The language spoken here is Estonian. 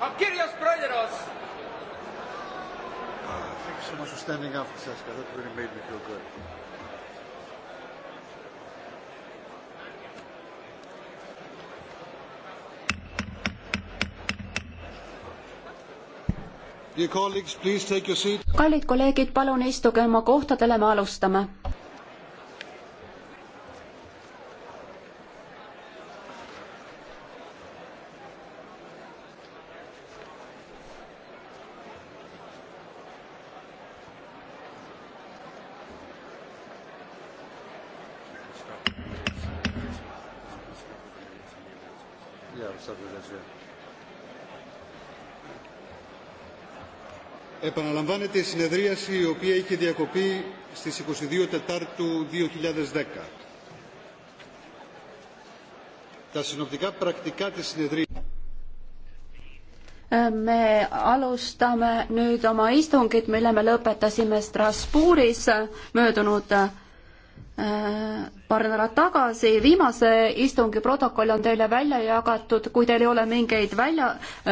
Κύριος Πρόεδρος. Ah, thank you so much for standing up, Francesca. That really made me feel good. kallid kolleegid, palun istuge oma kohtadele, me alustame. Επαναλαμβάνεται η συνεδρίαση η οποία είχε διακοπεί στις 22 Τετάρτου 2010. Τα συνοπτικά πρακτικά της συνεδρίας me alustame nüüd oma istungit, mille me lõpetasime Strasbourgis möödunud Äh, paar nädalat tagasi. viimase istungi protokoll on teile välja jagatud, kui teil ei ole mingeid välja,